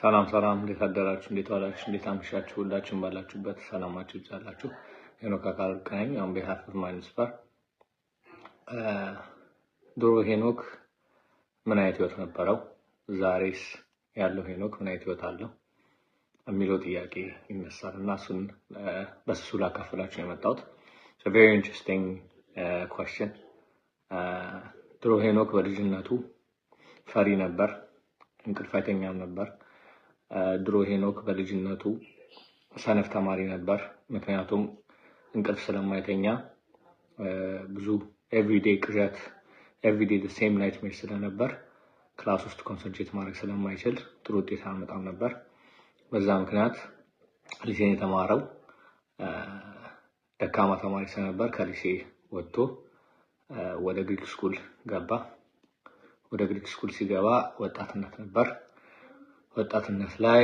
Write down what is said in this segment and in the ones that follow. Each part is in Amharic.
ሰላም ሰላም፣ እንዴት አደራችሁ? እንዴት ዋላችሁ? እንዴት አመሻችሁ? ሁላችሁም ባላችሁበት ሰላማችሁ ይብዛላችሁ። ሄኖክ አካልቅ ነኝ። አሁን በሀፍ ማይንስፐር ድሮ ሄኖክ ምን አይነት ህይወት ነበረው፣ ዛሬስ ያለው ሄኖክ ምን አይነት ህይወት አለው የሚለው ጥያቄ ይነሳል እና እሱን በስሱ ላካፍላችሁ ነው የመጣሁት። ቬሪ ኢንትረስቲንግ ኮስችን። ድሮ ሄኖክ በልጅነቱ ፈሪ ነበር፣ እንቅልፍ አይተኛም ነበር። ድሮ ሄኖክ በልጅነቱ ሰነፍ ተማሪ ነበር። ምክንያቱም እንቅልፍ ስለማይተኛ ብዙ ኤቭሪዴ ቅዠት ኤቭሪዴ ሴም ናይት ሜር ስለነበር ክላስ ውስጥ ኮንሰንትሬት ማድረግ ስለማይችል ጥሩ ውጤት አመጣም ነበር። በዛ ምክንያት ሊሴን የተማረው ደካማ ተማሪ ስለነበር ከሊሴ ወጥቶ ወደ ግሪክ ስኩል ገባ። ወደ ግሪክ ስኩል ሲገባ ወጣትነት ነበር። ወጣትነት ላይ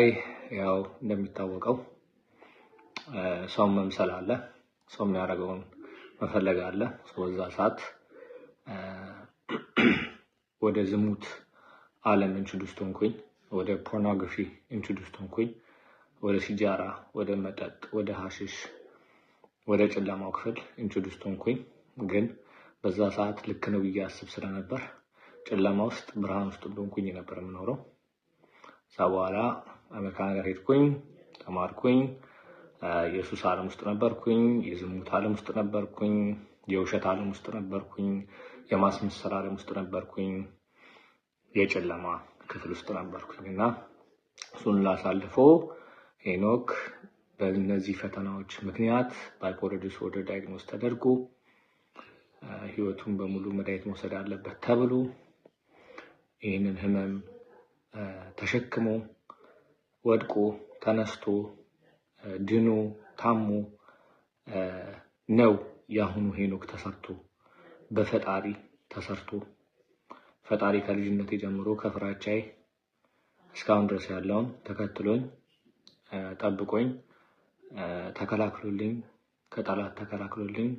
ያው እንደሚታወቀው ሰውን መምሰል አለ፣ ሰው የሚያደርገውን መፈለግ አለ። በዛ ሰዓት ወደ ዝሙት አለም ኢንትሮዱስት ሆንኩኝ፣ ወደ ፖርኖግራፊ ኢንትሮዱስት ሆንኩኝ፣ ወደ ሲጃራ፣ ወደ መጠጥ፣ ወደ ሀሽሽ፣ ወደ ጨለማው ክፍል ኢንትሮዱስት ሆንኩኝ። ግን በዛ ሰዓት ልክ ነው ብዬ አስብ ስለነበር ጨለማ ውስጥ ብርሃን ውስጥ እንደሆንኩኝ ነበር የምኖረው። በኋላ አሜሪካ ነገር ሄድኩኝ፣ ተማርኩኝ። የሱስ ዓለም ውስጥ ነበርኩኝ፣ የዝሙት ዓለም ውስጥ ነበርኩኝ፣ የውሸት ዓለም ውስጥ ነበርኩኝ፣ የማስመሰል ዓለም ውስጥ ነበርኩኝ፣ የጨለማ ክፍል ውስጥ ነበርኩኝ እና እሱን ላሳልፎ ሄኖክ በእነዚህ ፈተናዎች ምክንያት ባይፖለር ዲስኦርደር ዳይግኖስ ተደርጎ ህይወቱን በሙሉ መድኃኒት መውሰድ አለበት ተብሎ ይህንን ህመም ተሸክሞ ወድቆ ተነስቶ ድኖ ታሞ ነው የአሁኑ ሄኖክ ተሰርቶ በፈጣሪ ተሰርቶ ፈጣሪ ከልጅነቴ ጀምሮ ከፍራቻዬ እስካሁን ድረስ ያለውን ተከትሎኝ ጠብቆኝ ተከላክሎልኝ ከጠላት ተከላክሎልኝ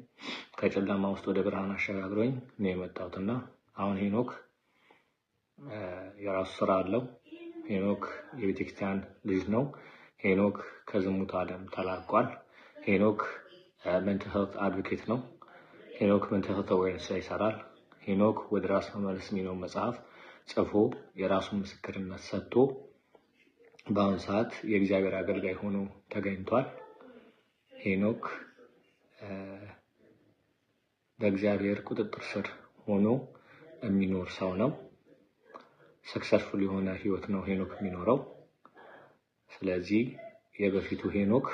ከጨለማ ውስጥ ወደ ብርሃን አሸጋግሮኝ ነው የመጣሁትና አሁን ሄኖክ የራሱ ስራ አለው። ሄኖክ የቤተክርስቲያን ልጅ ነው። ሄኖክ ከዝሙት ዓለም ተላቋል። ሄኖክ ሜንታል ሄልት አድቮኬት ነው። ሄኖክ ሜንታል ሄልት አዌርነስ ላይ ይሰራል። ሄኖክ ወደ ራስ መመለስ የሚለውን መጽሐፍ ጽፎ የራሱን ምስክርነት ሰጥቶ በአሁኑ ሰዓት የእግዚአብሔር አገልጋይ ሆኖ ተገኝቷል። ሄኖክ በእግዚአብሔር ቁጥጥር ስር ሆኖ የሚኖር ሰው ነው። ሰክሰስፉል የሆነ ህይወት ነው ሄኖክ የሚኖረው። ስለዚህ የበፊቱ ሄኖክ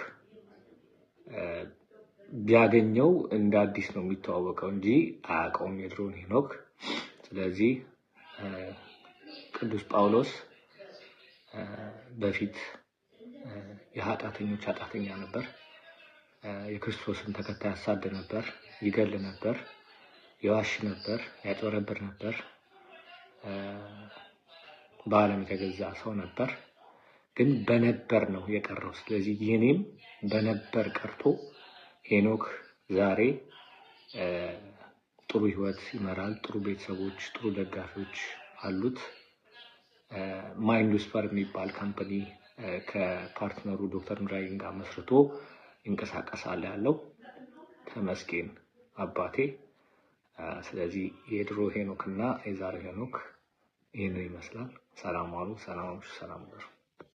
ቢያገኘው እንደ አዲስ ነው የሚተዋወቀው እንጂ አያውቀውም የድሮን ሄኖክ። ስለዚህ ቅዱስ ጳውሎስ በፊት የኃጢአተኞች ኃጢአተኛ ነበር። የክርስቶስን ተከታይ ያሳድ ነበር፣ ይገል ነበር፣ የዋሽ ነበር፣ ያጭበረብር ነበር። በዓለም የተገዛ ሰው ነበር፣ ግን በነበር ነው የቀረው። ስለዚህ የኔም በነበር ቀርቶ ሄኖክ ዛሬ ጥሩ ህይወት ይመራል። ጥሩ ቤተሰቦች፣ ጥሩ ደጋፊዎች አሉት። ማይንዱስፐር የሚባል ካምፓኒ ከፓርትነሩ ዶክተር ምራይን ጋር መስርቶ ይንቀሳቀሳል ያለው ተመስገን አባቴ። ስለዚህ የድሮ ሄኖክ እና የዛሬ ሄኖክ ይህንን ይመስላል። ሰላም አሉ። ሰላም ሰላም